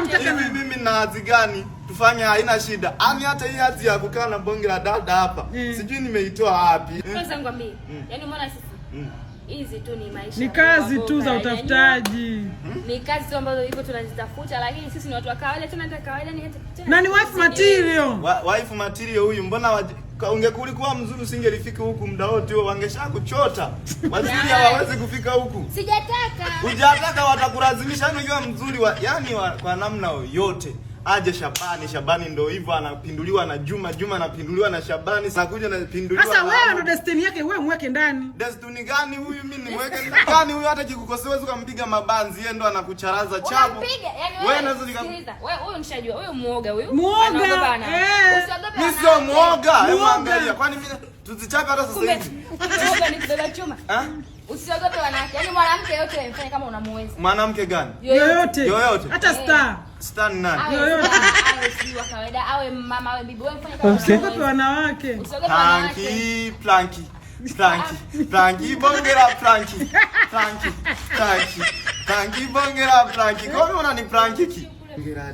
mtaka mimi na hadhi gani? Tufanye, haina shida. Ani hata hii hadhi ya kukaa na bonge la dada hapa mm. sijui nimeitoa wapi. Kwanza mm. Mm. Yaani sisi? Mm. Hizi tu ni maisha. Ni kazi tu za yaani utafutaji. Hmm? Ni kazi tu ambazo hivyo tunazitafuta lakini sisi ni watu wa kawaida tena hata kawaida ni hata. Na ni wife material. Wife material huyu mbona waj... Ungekulikuwa mzuri usingelifika huku muda wote huo, wangeshakuchota. Wazuri hawawezi kufika huku. Sijataka. ujataka, watakulazimisha, yani unajua mzuri wa, yani wa, kwa namna yoyote. Aje Shabani, Shabani ndo hivyo anapinduliwa na Juma, Juma anapinduliwa na Shabani, sakuja napinduliwa. Sasa wewe ndo destiny yake, wewe mweke ndani. Destiny gani huyu? Mimi nimweke ndani huyu, hata kikukosea wewe ukampiga mabanzi, yeye ndo anakucharaza chapo. Yaani wewe unaweza nikakuuliza. Wewe huyu mshajua, huyu muoga huyu. Muoga mwoga. muoga, eh, Kwani mimi tuzichapa hata sasa hivi. Mwoga ni kidola chuma. Ah? Usiogope wanawake. Yaani mwanamke yote mfanye kama unamuweza. Mwanamke gani? Yoyote. Yoyote. Hata eh. star. Star ni nani? Yoyote. Awe kawaida, awe mama, awe bibi, wewe mfanye kama unamuweza. Usiogope wanawake. Usiogope Planki, planki. Planki, planki, bongera planki. Planki, planki. Planki, bongera planki. Kwa nini unani planki?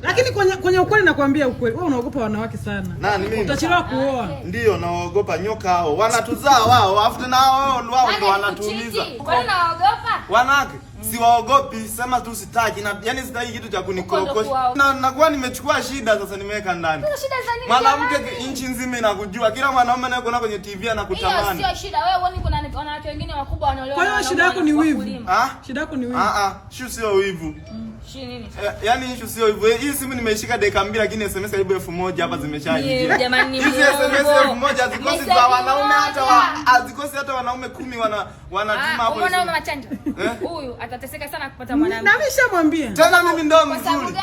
Lakini kwenye kwenye ukweli nakwambia ukweli, wewe unaogopa wanawake sana. Nani mimi? Utachelewa kuoa. Ndio naogopa nyoka hao. Wanatuzaa wao, afu na wao wao ndio yaani wanatuuliza. Kwa nini naogopa? Wanawake siwaogopi, sema tu sitaki na yani sitaki kitu cha kunikokosha na nakuwa nimechukua shida sasa, nimeweka ndani. Mwanamke inchi nzima inakujua, kila mwanaume naye kuna kwenye TV anakutamani. Hiyo sio shida, wewe uone kuna wanawake wengine wakubwa wanaolewa. Kwa hiyo shida yako ni wivu. Ah, shida yako ni wivu. Ah ah, sio sio wivu. Mm, Shii nini? Yaani issue sio hivyo. Eh, hii simu nimeishika dakika mbili lakini SMS karibu elfu moja hapa zimeshaingia. Hizi SMS elfu moja hazikosi za wanaume hata wa wanaume kumi wana wanajuma ah, hapo. Wanaume mama chanjo? Eh? Huyu atateseka sana kupata mwanamke. Na mimi Tena mimi ndio mzuri.